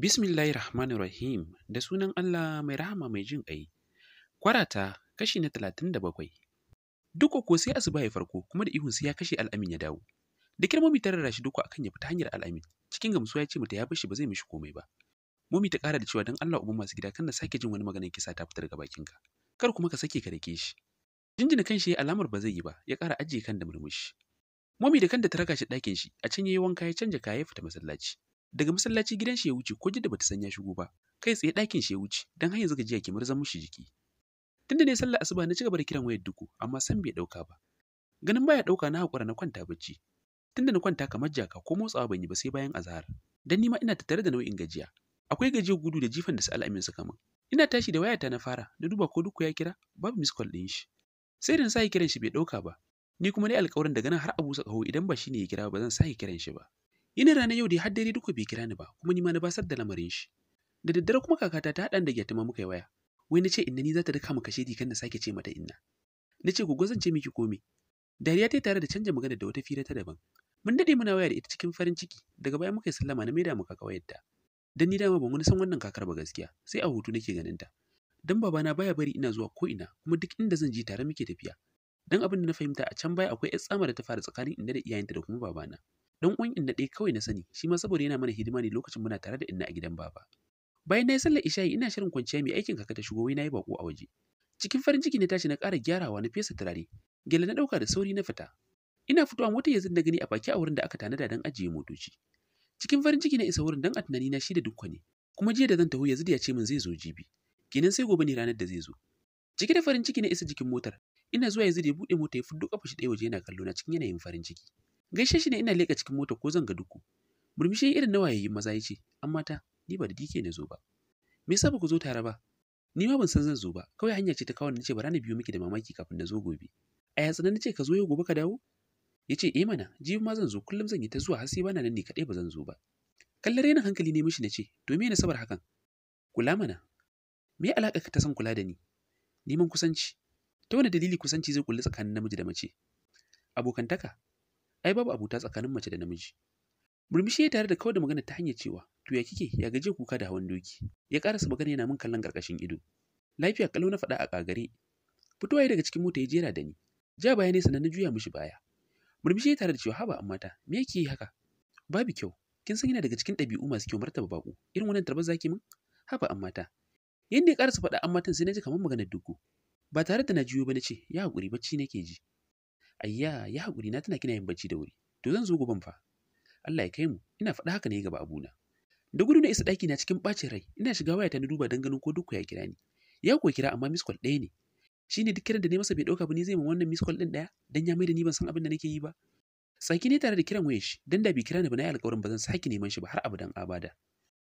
Bismillahir Rahmanir Rahim da sunan Allah mai rahama mai jin ƙai. Kwarata kashi na talatin da bakwai. Duka ko sai asuba ya farko kuma da ihun sai ya kashe al'amin ya dawo. Da kirma mami tarar rashi duk akan ya fita hanyar al'amin. Cikin gamsuwa ya ce mata ya bar shi ba zai mishi komai ba. Mumi ta ƙara da cewa don Allah uban masu gida kan na sake jin wani maganar kisa ta fita daga bakinka. Kar kuma ka sake ka rike shi. Jinjina kan shi alamar ba zai yi ba ya ƙara ajiye kan da murmushi. Mumi da kanta ta raka shi ɗakin shi a can yi wanka ya canja kaya ya fita masallaci. daga masallaci gidan shi ya wuce ko jidda bata sanya shigo ba kai tsaye ɗakin shi ya wuce don har yanzu gajiya ke murzan mushi jiki tunda ne sallar asuba na cigaba da kiran wayar duku amma san bai dauka ba ganin baya ɗauka na haƙura na kwanta bacci tunda na kwanta kamar jaka ko motsawa ban yi ba sai bayan azhar dan nima ina tattare da nau'in gajiya akwai gajiyar gudu da jifan da su al'amin suka min ina tashi da wayata na fara na duba ko duku ya kira babu miss call ɗin shi sai da na sake kiran shi bai dauka ba ni kuma ne alƙawarin daga nan har abusa ƙaho idan ba shine ya kira ba zan sake kiran shi ba Ina ranar yau da har dare duka bai kira ni ba, kuma ni ma na basar da lamarin shi. Da daddare kuma kakata ta hada da tuma muka yi waya. Wai na ce inna ni za ta daka mu kashe dikan na sake ce mata inna. Na ce gogo zan ce miki komai. Dariya ta tare da canja magana da wata fira ta daban. Mun daɗe muna waya da ita cikin farin ciki, daga baya muka yi sallama na maida muka kawayar ta. Dan ni dama ban wani san wannan kakar ba gaskiya, sai a hutu nake ganin ta. Dan babana baya bari ina zuwa ko ina, kuma duk inda zan je tare muke tafiya. Dan abin da na fahimta a can baya akwai 'yar tsama da ta fara tsakanin inda da iyayenta da kuma babana. Don uwan inna ɗaya kawai na sani shi ma saboda yana mana hidima ne lokacin muna tare da inna a gidan baba bayan na yi sallar isha'i ina shirin kwanciya mai aikin kaka ta shigo wai na yi bako a waje cikin farin ciki na tashi na ƙara gyarawa na fesa turare gele na ɗauka da sauri na fita ina fitowa motar yanzu na gani a baki a wurin da aka tanada don ajiye motoci cikin farin ciki na isa wurin don a tunani na shi da duk ne kuma jiya da zan taho yanzu da ya ce min zai zo jibi kenan sai gobe ne ranar da zai zo cike da farin ciki na isa jikin motar ina zuwa yanzu da ya buɗe mota ya fuddo kafa shi ɗaya waje yana kallo na cikin yanayin farin ciki gaishe shi ne ina leƙa cikin mota ko zan ga duku murmushi irin nawa yayi maza ya ce an mata ni ba da dike ne zo ba me yasa ba zo tare ba ni ma ban san zan zo ba kawai hanya ce ta kawo nace bara na biyo miki da mamaki kafin na zo gobe a yatsa na nace ka zo yau gobe ka dawo yace eh mana jibi ma zan zo kullum zan yi ta zuwa har bana nan ne kadai ba zan zo ba kallar yana hankali ne mishi nace to me ne sabar hakan kula mana me alaka ka ta san kula da ni neman kusanci ta wani dalili kusanci zai kulli tsakanin namiji da mace abokantaka ai babu abuta tsakanin mace da namiji murmushi ya tare da kawai da magana ta hanyar cewa to ya kike ya gaje kuka da hawan doki ya karasa magana yana min kallon karkashin ido lafiya kallo na faɗa a kagare fitowa daga cikin mota ya jera da ni ja baya ne sannan na juya mishi baya murmushi ya tare da cewa haba amma ta me yake yi haka babu kyau kin san yana daga cikin ɗabi'u masu kyau martaba baƙo irin wannan tarbar zaki min haba amma ta yanda ya karasa faɗa amma tan sai na ji kamar maganar duku ba tare da na juyo ba na ce ya haƙuri bacci nake ji ayya ya haƙuri na tana kina yin bacci da wuri to zan zo goben fa Allah ya kai mu ina faɗa haka ne gaba abuna da gudu na isa ɗaki na cikin ɓacin rai ina shiga wayata na duba don ganin ko duk ya kira ni ya ko kira amma miss call ɗaya ne shine duk kiran da ne masa bai ɗauka ba ni zai ma wannan miss call ɗin ɗaya dan ya mai da ni ban san abin da nake yi ba tsaki ne tare da kiran wayar shi dan da bi kira ni ba na yi alƙawarin ba zan sake neman shi ba har abadan abada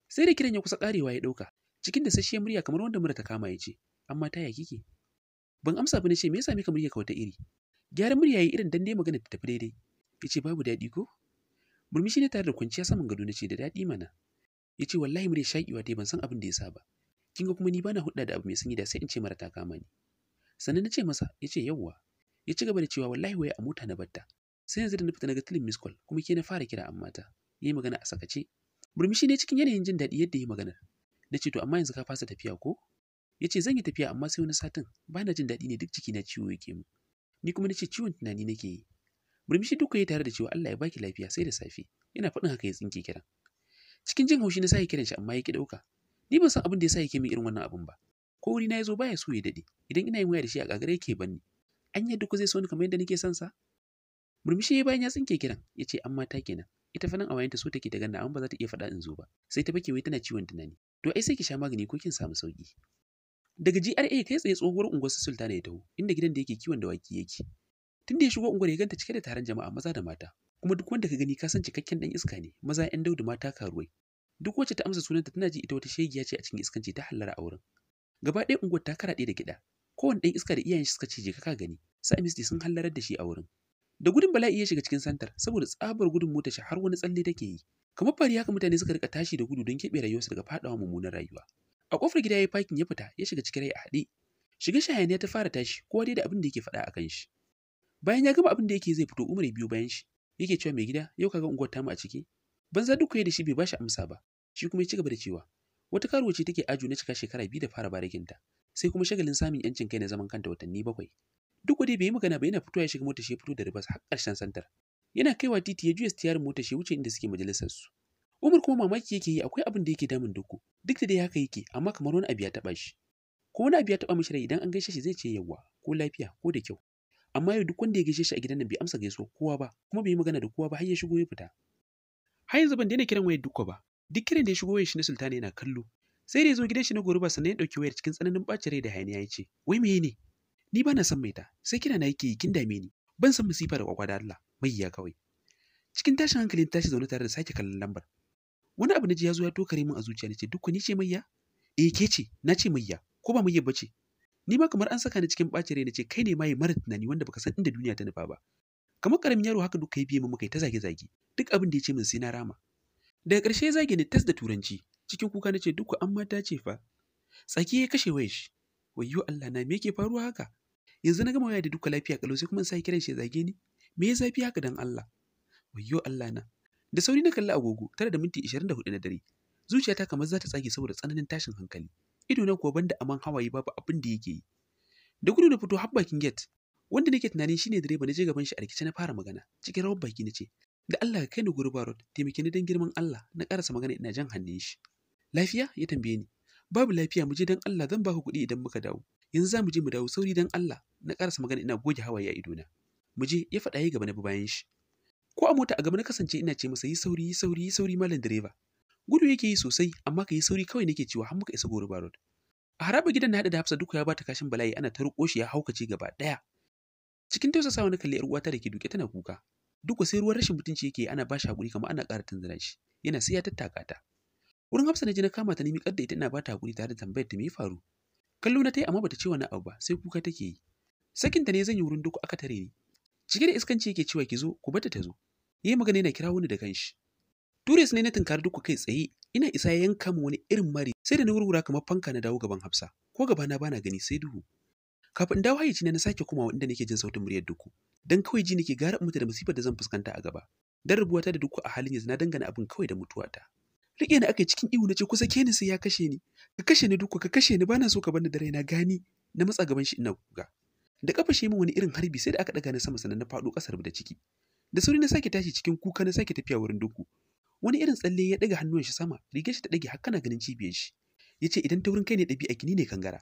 sai da kiran ya kusa ƙarewa ya ɗauka cikin da ya murya kamar wanda mura kama ya ce amma ta ya kike ban amsa ba na ce me yasa mika murya ka wata iri gyaran murya yayi irin dan dai magana ta tafi daidai ce, babu daɗi ko murmushi ne tare da kwanciya saman gado nace da daɗi mana yace wallahi murya shakiwa dai ban san abin da ya saba kin ga kuma ni bana hudda da abu mai sanyi da sai in ce mara ta kama ni sannan nace masa yace yawwa ya ci gaba da cewa wallahi waya a mota na batta sai yanzu da na fita na ga tilin miskol kuma ke na fara kira amma ta yayi magana a sakace murmushi ne cikin yanayin jin daɗi yadda yayi magana Na ce to amma yanzu ka fasa tafiya ko yace zan yi tafiya amma sai wani satin bana jin daɗi ne duk ciki na ciwo yake mu ni kuma nace ciwon tunani nake yi murmushi duka yayi tare da cewa Allah ya baki lafiya sai da safe Ina faɗin haka ya tsinke kiran cikin jin haushi na sake kiran shi amma ya ki dauka ni ban san abin da yasa yake min irin wannan abin ba ko wuri na yazo baya so ya dade idan ina yin waya da shi a gagare yake banni an yadda ku zai so ni kamar yadda nake son sa murmushi ya bayan ya tsinke kiran ya ce amma ta kenan ita fa nan a wayanta so take ta ganna amma ba za ta iya faɗa in zo ba sai ta bake wai tana ciwon tunani to ai sai ki sha magani ko kin samu sauki daga GRA kai tsaye tsohuwar unguwar su Sultana ya taho inda gidan da yake kiwon dawaki yake tunda ya shigo unguwar ya ganta cike da taron jama'a maza da mata kuma duk wanda ka gani ka san cikakken dan iska ne maza yan daudu mata karuwai duk wacce ta amsa sunanta tana ji ita wata shegiya ce a cikin iskanci ta hallara auren gaba ɗaya unguwar ta karaɗe da gida. kowane ɗan iska da iyayen shi suka cije ka gani sa misti sun hallarar da shi a wurin da gudun bala'i ya shiga cikin santar saboda tsabar gudun mota shi har wani tsalle take yi kamar fari haka mutane suka rika tashi da gudu don keɓe rayuwarsu daga faɗawa mummunan rayuwa a kofar gida ya fakin ya fita ya shiga cikin rai a haɗe shiga shahaniya ta fara tashi kowa dai da abin da yake faɗa a kan shi bayan ya gama abin da yake zai fito umar biyu bayan shi yake cewa mai gida yau kaga unguwar tamu a ciki Ban za duk da shi bai bashi amsa ba shi kuma ya ci gaba da cewa wata karuwa ce take ajo na cika shekara biyu da fara barakinta sai kuma shagalin samun yancin kai na zaman kanta watanni bakwai duk wani bai yi magana ba yana fito ya shiga motar shi fito da ribas har ƙarshen santar yana kaiwa titi ya juya stiyarin motar shi wuce inda suke majalisar su Umar kuma mamaki yake yi akwai abin da yake damun duku duk da dai haka yake amma kamar wani abu ya taɓa shi. Ko wani abu ya taɓa mishi rai idan an gaishe shi zai ce yawwa ko lafiya ko da kyau. Amma yau duk wanda ya gaishe shi a gidan nan bai amsa gaisuwa kowa ba kuma bai yi magana da kowa ba har ya shigo ya fita. Har yanzu ban daina kiran wayar duka ba duk kiran da ya shigo wayar shi na sultana yana kallo. Sai da ya zo gidan shi na goruba sannan ya ɗauki wayar cikin tsananin ɓacin rai da hayaniya ya ce wai meye ne? Ni ba na son mai ta sai kira na yake yi kin dame ni ban san masifa da kwakwa da Allah mai ya kawai. Cikin tashin ta tashi zaune tare da sake kallon lambar wani abu naji ya zo ya tokare min a zuciya nace duk ni ce mayya eh ke ce na ce mayya ko ba mayya bace ni ma kamar an saka ni cikin bacin rai nace kai ne mai mara tunani wanda baka san inda duniya ta nufa ba kamar karamin yaro haka duka kai biye mu kai ta zage zage duk abin da ya ce min sai na rama daga ƙarshe ya zage ni tas da turanci cikin kuka na ce duk an ta ce fa tsaki ya kashe wayar wayyo Allah na me yake faruwa haka yanzu na gama waya da duka lafiya kalau sai kuma in kiran shi zage ni me ya zafi haka dan Allah wayyo Allah na da sauri na kalli agogo tare da minti 24 na dare zuciyata kamar za ta tsage saboda tsananin tashin hankali ido na kuwa banda aman hawaye babu abin da yake yi da gudu na fito har bakin gate wanda nake tunanin shine direba na je gaban shi a rikice na fara magana cikin rawar baki nace da Allah ka kai ni gurba road taimake ni dan girman Allah na karasa magana ina jan hannun shi lafiya ya tambaye ni babu lafiya mu je dan Allah zan baka kuɗi idan muka dawo yanzu za mu je mu dawo sauri dan Allah na karasa magana ina goge hawaye a idona mu je ya faɗa yi gaba na bayan shi ko a mota a gaba na kasance ina ce masa yi sauri yi sauri yi sauri malam direba gudu yake yi sosai amma ka yi sauri kawai nake cewa har muka isa goruba road a haraba gidan na hada da hafsa duka ya bata kashin bala'i ana ta ruko shi ya haukace gaba ɗaya cikin tausasa na kalli yar uwata ke duke tana kuka duk sai ruwan rashin mutunci yake ana ba shi hakuri kamar ana ƙara tunzura shi yana sai ya tattaka ta wurin hafsa na ji na kama ta nemi da ita ina ba ta hakuri tare da tambayar ta me faru kallo na tai amma bata ce wani abu ba sai kuka take yi sakin ta ne zan yi wurin duk aka tare ni cike da iskanci yake cewa ki zo ku bata ta zo yayi magana yana kirawo ni da kanshi turis ne na tinkar duku kai tsaye ina isa yanka mu wani irin mari sai da na wurwura kamar fanka na dawo gaban hafsa ko gaba na bana gani sai duhu kafin in dawo hayyaci na sake komawa inda nake jin sautin muryar duku dan kawai ji nake gara mutu da musibar da zan fuskanta a gaba dan ta da duku a halin yanzu na dangana abin kawai da mutuwata rike ni aka cikin ihu na ce kusa ke ni sai ya kashe ni ka kashe ni duku ka kashe ni bana so ka bani da raina gani na matsa gaban shi ina kuka da kafa shi min wani irin harbi sai da aka daga ni sama sannan na faɗo ƙasar da ciki da sauri na sake tashi cikin kuka na sake tafiya wurin duku wani irin tsalle ya daga hannuwan shi sama rigar shi ta dage har ganin cibiyar shi yace idan ta wurin kai ne ɗabi'a kini ne kangara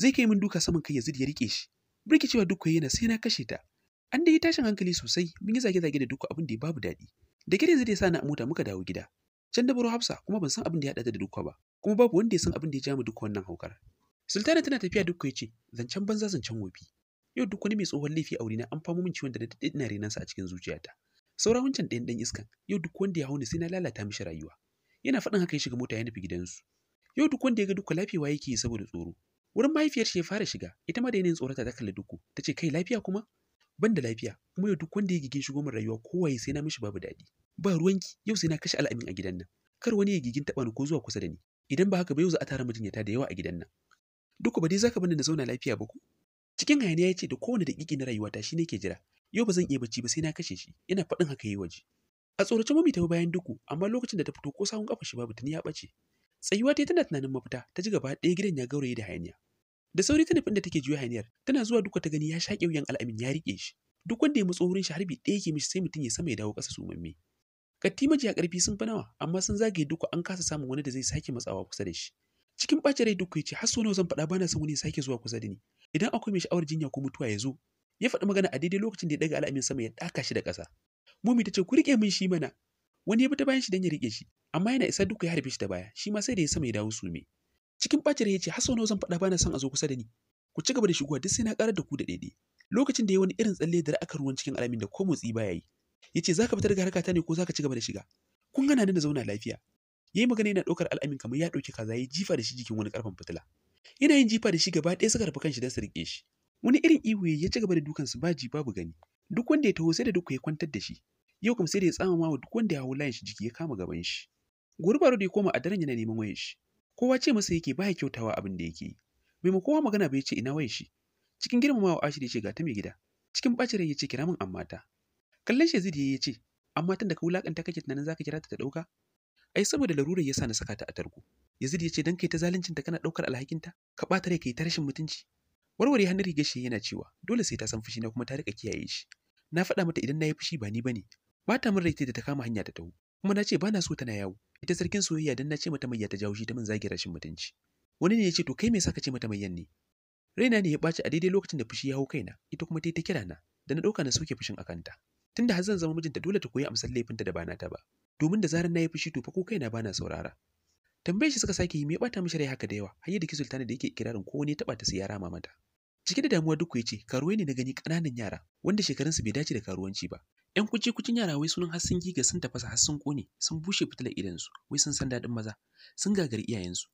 zai kai min duka saman kai ya zidi ya rike shi birkicewa duk yana sai na kashe ta an dai tashin hankali sosai mun yi zage-zage da duka abin da babu daɗi da kire zai sa na a mota muka dawo gida can da baro hafsa kuma ban san abin da ya haɗa da duka ba kuma babu wanda ya san abin da ya ja duka wannan haukar sultana tana tafiya duka ya ce zancen banza zancen wofi yau duk wani mai tsohon laifi a wurina an famo min ciwon da na daɗe ina renansa a cikin zuciyata saura wancan ɗayan ɗan iskan yau duk wanda ya hau ni sai na lalata mishi rayuwa yana faɗin haka ya shiga mota ya nufi gidansu yau duk wanda ya ga duka lafiyawa yake yi saboda tsoro wurin mahaifiyar shi ya fara shiga ita ma da yanayin tsorata ta kalli duku ta ce kai lafiya kuma ban da lafiya kuma yau duk wanda ya gigin shigo min rayuwa kowaye sai na mishi babu daɗi ba ruwanki yau sai na kashe al'amin a gidan nan kar wani ya gigin taɓa ni ko zuwa kusa da ni idan ba haka ba yau za a tara mijinyata da yawa a gidan nan duk ba dai zaka bani na zauna lafiya ba ku cikin hayaniya ya ce da kowane daƙiƙi na rayuwata shi ne ke jira yau ba zan iya bacci ba sai na kashe shi ina faɗin haka yi waje a tsorace mami ta bayan duku amma lokacin da ta fito ko sawun ƙafa shi babu tuni ya ɓace tsayuwa ta tana tunanin mafita ta ji gaba ɗaya gidan ya gauraye da hayaniya da sauri ta nufin da take juya hayaniyar tana zuwa duka ta gani ya shaƙe wuyan al'amin ya riƙe shi duk wanda ya matso wurin shi harbi ɗaya ke mishi sai mutum ya sama ya dawo ƙasa mamme katti a ƙarfi sun fi nawa amma sun zagaye duka an kasa samun wani da zai sake matsawa kusa da shi cikin ɓacin rai duk ce har so nawa zan faɗa bana son wani sake zuwa kusa da ni idan akwai mai sha'awar jinya ko mutuwa ya zo ya faɗi magana a daidai lokacin da ya daga al'amin sama ya daka shi da ƙasa Mumi ta ce ku riƙe min shi mana wani ya bi ta bayan shi don ya riƙe shi amma yana isa duka ya harbe shi da baya shi ma sai da ya sama ya dawo sume cikin ɓacin rai ya ce har nawa zan faɗa bana son a zo kusa da ni ku ci gaba da shigowa duk sai na ƙarar da ku da daidai lokacin da ya wani irin tsalle da aka ruwan cikin alamin da ko motsi baya yi ya ce za fitar da harkata ne ko za ka da shiga kun gana da zauna lafiya yayi magana yana ɗaukar al'amin kamar ya ɗauki kaza yayi jifa da shi jikin wani ƙarfen fitila yana yin jifa da shi gaba ɗaya suka rufe kanshi don su riƙe shi wani irin ihu ya ci gaba da dukan su ji babu gani duk wanda ya taho sai da dukku ya kwantar da shi yau kam sai da ya tsamama wa duk wanda ya hau layin shi jiki ya kama gaban shi gurbaro da ya koma a daren yana neman wayar shi kowa ce masa yake baya kyautawa abin da yake yi mai kowa magana bai ce ina wayar shi cikin girmamawa da ya ce ga ta mai gida cikin ɓacin rai ya ce kira min amma ta kallon shi zidi ya ce amma tun da ka wulaƙanta kake tunanin ka kira ta ta ɗauka ai saboda larurar yasa na saka ta a tarko yazid ya ce dan kai ta zalincin ta kana daukar alhakinta ka bata rai kai ta rashin mutunci warware hannun rigar shi yana cewa dole sai ta san fushi na kuma ta rika kiyaye shi na faɗa mata idan na yi fushi ba ni bane ba ta min rai da ta kama hanya ta taho kuma na ce ba na so tana yawo ita sarkin soyayya dan na ce mata mayya ta jawo shi ta min zagi rashin mutunci wani ne ya ce to kai me yasa ka ce mata mayyan ne raina ne ya ɓaci a daidai lokacin da fushi ya hau kaina ita kuma yi ta kira na da na ɗauka na soke fushin a tunda har zan zama mijinta dole ta koyi amsar laifinta da ba ta ba domin da zarar na yi fushi to fa ko kaina bana saurara tambaye shi suka sake yi me bata mishi rai haka da yawa har yadda ki sultana da yake ikirarin ko ne taba ta su yara mata cike da damuwa duk ya ce karuwai ne na gani kananan yara wanda su bai dace da karuwanci ba yan kuci kucin yara wai sunan har sun giga sun tafasa har sun kone sun bushe fitilar idansu wai sun san daɗin maza sun gagari su.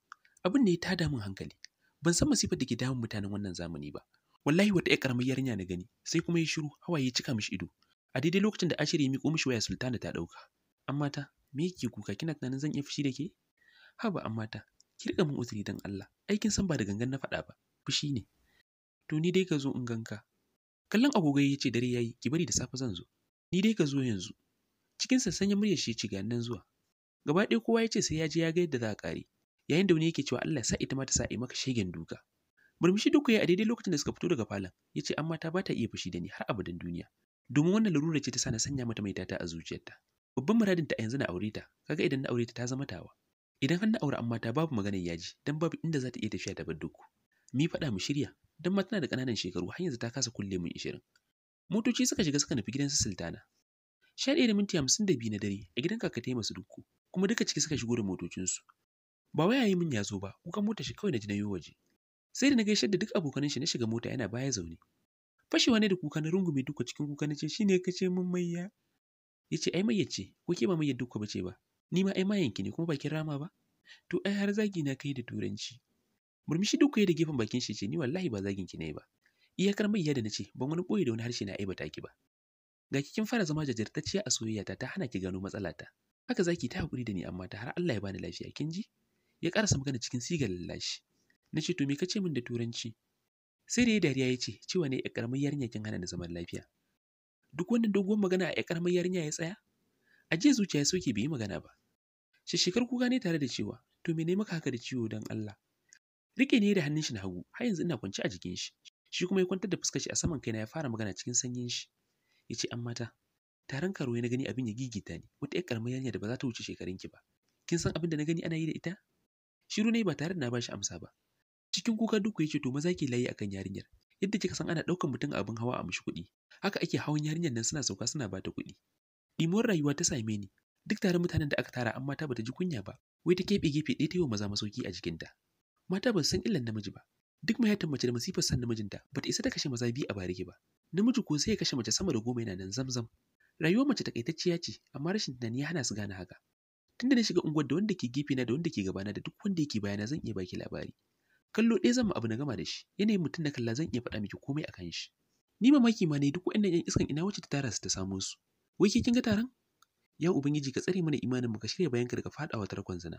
abin ne ya tada min hankali ban san masifar da ke damun mutanen wannan zamani ba wallahi wata ƴar karamar yarinya na gani sai kuma ya shiru hawaye cika mishi ido a daidai lokacin da ashiri ya miƙo mishi waya sultana ta ɗauka Amma ta, me yake kuka? Kina tunanin zan iya fushi da ke? Haba Amma ta, ki riƙa min uzuri dan Allah. aikin san ba da gangan na faɗa ba, fushi ne. To ni dai ka zo in ganka. Kallon agogo ya ce dare yayi, ki bari da safe zan zo. Ni dai ka zo yanzu. Cikin sassanyen murya shi ya ga nan zuwa. Gaba ɗaya kowa ya ce sai ya je ya ga yadda za a ƙare. Yayin da wani yake cewa Allah ya sa ita ma ta sa maka shegen duka. Murmushi duka ya a daidai lokacin da suka fito daga falon, ya ce amma ta ba ta iya fushi da ni har abadan duniya. Domin wannan larura ce ta sa na sanya mata maitata a zuciyarta. babban muradin ta a yanzu na aure ta kaga idan na aure ta ta zama tawa idan har na aure amma ta babu maganar yaji dan babu inda za ta iya tafiya ta bar duku mi faɗa mu shirya dan ma tana da ƙananan shekaru har yanzu ta kasa kulle mun ishirin motoci suka shiga suka nufi gidan su sultana sha ɗaya da minti hamsin da biyu na dare a gidan kakatai masu duku kuma duka ciki suka shigo da motocinsu ba wai yayi min ya zo ba kuka mota shi kawai na ji na yi waje sai da na gaishe da duk abokanin shi na shiga mota yana baya zaune fashewa ne da kuka na rungume duka cikin kuka na ce shine kace mun maiya ya ce ai mayyar ko ke ba mayyar dukku ba ce ba ni ma ai ki ne kuma ba bakin rama ba to ai har zagi na kai da turanci murmushi dukku da gefen bakin shi ce ni wallahi ba zagin ki ne ba iyakar mayya da nace ban wani boye da wani harshe na ta ki ba ga kin fara zama jajirtacciya a soyayyata ta hana ki gano matsalata haka zaki ta hakuri da ni amma ta har Allah ya bani lafiya kin ji ya karasa magana cikin sigar lallashi nace to me kace min da turanci sai da dariya ya ce cewa ne ya karamar yarinya kin hana da zaman lafiya duk wannan doguwar magana a ƙaramar yarinya ya tsaya a jiya zuciya ya soke bai yi magana ba shekar kuka ne tare da cewa to me ne maka haka da ciwo don Allah rike ne da hannun shi na hagu har yanzu ina kwance a jikin shi shi kuma ya kwantar da fuskar shi a saman kaina ya fara magana cikin sanyin shi yace an mata taron karo na gani abin ya gigita ni wata ƴar karamar yarinya da ba za ta wuce shekarun ki ba kin san abin da na gani ana yi da ita shiru ne ba tare da na shi amsa ba cikin kuka duk ya ce to maza ke layi akan yarinyar yadda kika san ana ɗaukan mutum abin hawa a mishi kuɗi haka ake hawan yarinyar nan suna sauka suna bata kuɗi ɗimuwar rayuwa ta same ni duk tare mutanen da aka tara an mata bata ji kunya ba wai ta keɓe gefe ɗaya ta yi wa maza masauki a jikinta mata ba su san illan namiji ba duk mahaifin mace da masifar san namijinta bata isa ta kashe maza biyu a bariki ba namiji ko sai ya kashe mace sama da goma yana nan zamzam rayuwar mace takaitacciya ce amma rashin tunani ya hana su gane haka tunda na shiga unguwar da wanda ke gefe na da wanda ke gabana da duk wanda yake bayana zan iya baki labari kallo ɗaya zan abu na gama da shi yanayin mutum da kalla zan iya faɗa miki komai a kan shi ni mamaki ma ne duk waɗannan ƴan iskan ina wacce ta tara su ta samo su wai ke kin ga taron ya ubangiji ka tsare mana imanin mu ka shirya bayan daga faɗawa tarkon zina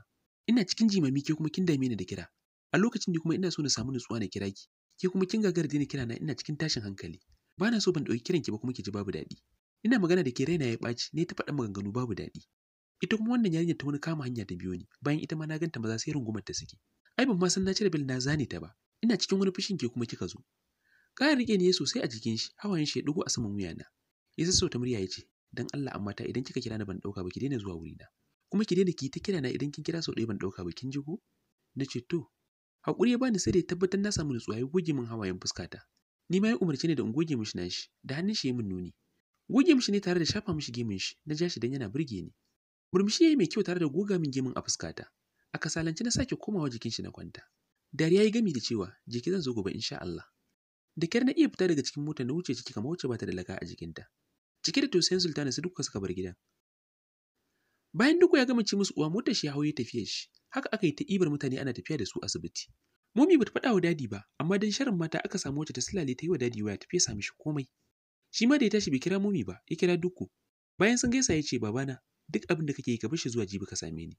ina cikin jimami ke kuma kin dame ni da kira a lokacin ne kuma ina so na samu nutsuwa na kira ki ke kuma kin gagara daina kira na ina cikin tashin hankali ba na so ban ɗauki kiran ki ba kuma ki ji babu daɗi ina magana da ke raina ya ɓaci ne ta faɗa maganganu babu daɗi ita kuma wannan yarinyar ta wani kama hanya ta biyo ni bayan ita ma na ganta maza sai rungumar ta suke ai ban ma san na cire na zane ta ba ina cikin wani fushin ke kuma kika zo ƙara rike ne sosai a jikin shi hawayen shi ya dugo a saman wuyana ya ta murya ya ce dan Allah amma ta idan kika kira ni ban dauka ba ki daina zuwa wuri na kuma ki daina ki ta kira na idan kin kira sau ɗaya ban dauka ba kin ji ko na ce to hakuri ya bani sai da tabbatar na samu nutsuwa ya goge min hawayen fuskata ni ma ya umarci ne da in goge mishi shi, da hannun shi ya min nuni goge mishi ne tare da shafa mishi gemin shi na ja shi dan yana burge ni murmushi yayi mai kyau tare da goga min gemin a fuskata a kasalance na sake komawa jikin shi na kwanta dariya ya yi gami da cewa jiki zan zo gobe insha Allah da kyar na iya fita daga cikin mota na wuce ciki kamar wuce bata da laka a jikinta ciki da tausayin sultana su duka suka bar gidan bayan duka ya gama ci musu uwa motar shi ya hauye tafiya shi haka aka yi ta ibar mutane ana tafiya da su asibiti momi bata faɗa wa dadi ba amma dan sharin mata aka samu wacce ta silale ta yi wa dadi waya tafiya sami shi komai shi ma da ya tashi bai kira momi ba ya kira duku bayan sun gaisa ya ce babana duk abin da kake yi ka bar shi zuwa jibi ka same ni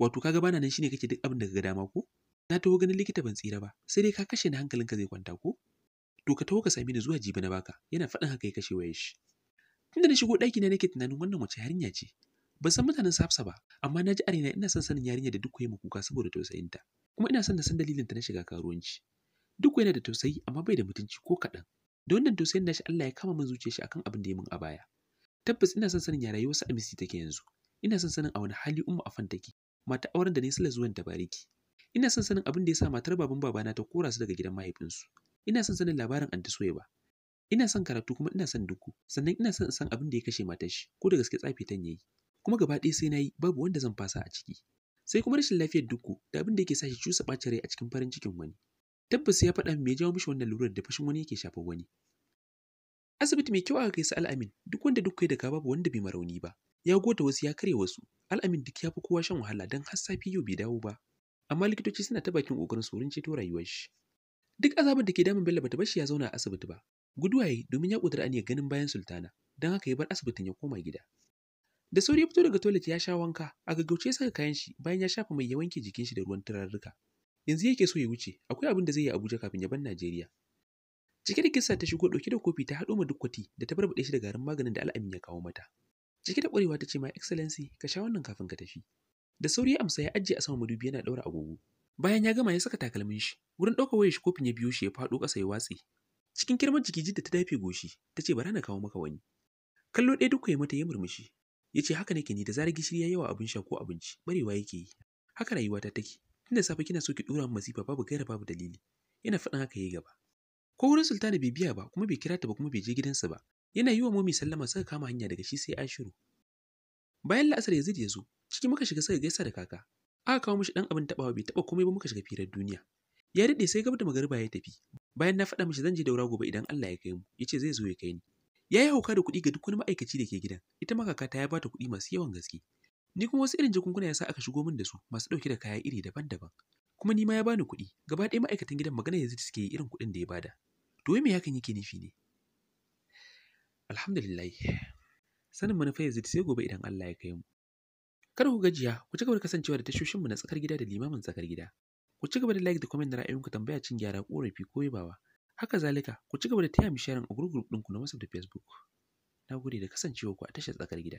Wato kaga bana nan shine kake duk abin da ga dama ko? Na taho ganin likita ban tsira ba, sai dai ka kashe ni hankalinka zai kwanta ko? To ka taho ka sami ni zuwa jibi na baka, yana faɗin haka ya kashe wayar shi. Tunda na shigo ɗaki na nake tunanin wannan wace yarinya ce. Ban san mutanen Safsa ba, amma na ji a raina ina son sanin yarinya da duk kuka saboda tausayinta. Kuma ina son na san dalilin ta na shiga karuwanci. Duk yana da tausayi amma bai da mutunci ko kaɗan. Da wannan tausayin nashi Allah ya kama min zuciyar shi akan abin da ya min a baya. Tabbas ina son sanin ya rayuwarsa a misi take yanzu. ina son sanin a wani hali umma afan take mata auren da ne sila zuwan ta bariki. Ina son sanin abin da ya sa matar baban babana ta kora su daga gidan mahaifinsu. Ina son sanin labarin anti Soyeba. Ina son karatu kuma ina son duku, sannan ina son san abin da ya kashe matar shi, ko da gaske tsafi tan yayi. Kuma gaba ɗaya sai nayi babu wanda zan fasa a ciki. Sai kuma rashin lafiyar duku da abin da yake sa shi cusa ɓaci rai a cikin farin cikin wani. Tabbas ya faɗa me ya jawo mishi wannan lurar da fashin wani yake shafa wani. Asibiti mai kyau aka kai su al'amin, duk wanda duk kai da ka babu wanda bai marauni ba. Ya gota wasu ya karya wasu, Al'amin duk ya fi kowa shan wahala don har safi yau bai dawo ba. Amma likitoci suna ta bakin ƙoƙarin su wurin ceto rayuwar shi. Duk azabar da ke damun Bello bata bashi ya zauna a asibiti ba. Guduwa yayi domin ya ƙudura aniyar ganin bayan sultana, don haka ya bar asibitin ya koma gida. Da sauri ya fito daga toilet ya sha wanka, a gaggauce ya saka kayan shi bayan ya shafa mai ya wanke jikin shi da ruwan turarruka. Yanzu yake so ya wuce, akwai abin da zai yi Abuja kafin ya bar Najeriya. Cike da kisa ta shigo ɗauke da kofi ta haɗo ma kwati da ta barbaɗe shi da garin maganin da al'amin ya kawo mata. Cike da ƙwarewa ta ce my excellency ka sha wannan kafin ka tafi. Da sauri ya amsa ya ajiye a sama madubi yana ɗaura agogo. Bayan ya gama ya saka takalmin shi, wurin ɗaukar wayar shi kofin ya biyo shi ya faɗo ƙasa ya watse. Cikin kirman jiki jidda ta dafe goshi, ta ce bara na kawo maka wani. Kallo ɗaya duk ya mata ya murmushi. Ya ce haka nake ni da zarar gishiri ya yawa abin sha ko abinci, barewa yake yi. Haka rayuwata take. Tunda safe kina so ki ɗora min masifa babu gaira babu dalili. Yana faɗin haka ya gaba. Ko wurin sultana bai biya ba kuma bai kira ta ba kuma bai je gidansa ba. Yana yi wa momi sallama suka kama hanya daga shi sai Ashiru. Bayan la'asar Yazid ya zo, ciki muka shiga suka gaisa da kaka. Aka kawo mishi dan abin taɓawa bai taba komai ba muka shiga firar duniya. Ya daɗe sai Gabda magariba ya tafi. Bayan na faɗa mishi zan je daura gobe idan Allah ya kai mu, ya zai zo ya kai ni. Ya yi hauka da kuɗi ga duk wani ma'aikaci da ke gidan, ita ma kakata ya bata kuɗi masu yawan gaske. Ni kuma wasu irin jakunkuna ya sa aka shigo min da su masu ɗauke da kaya iri daban-daban. Kuma ni ma ya bani kuɗi, gaba ɗaya ma'aikatan gidan magana yanzu suke irin kuɗin da ya bada. To me hakan yake nufi ne? Alhamdulillah. Sanin mu na sai gobe idan Allah ya kai mu. Kar ku gajiya, ku ci da kasancewa da tashoshinmu na tsakar gida da limamin tsakar gida. Ku cigaba da like da comment da ku tambaya cin gyara korafi ko yabawa. Haka zalika, ku ci gaba da taya mu sharing a group ɗinku na WhatsApp da Facebook. Na gode da kasancewa ku a tashar tsakar gida.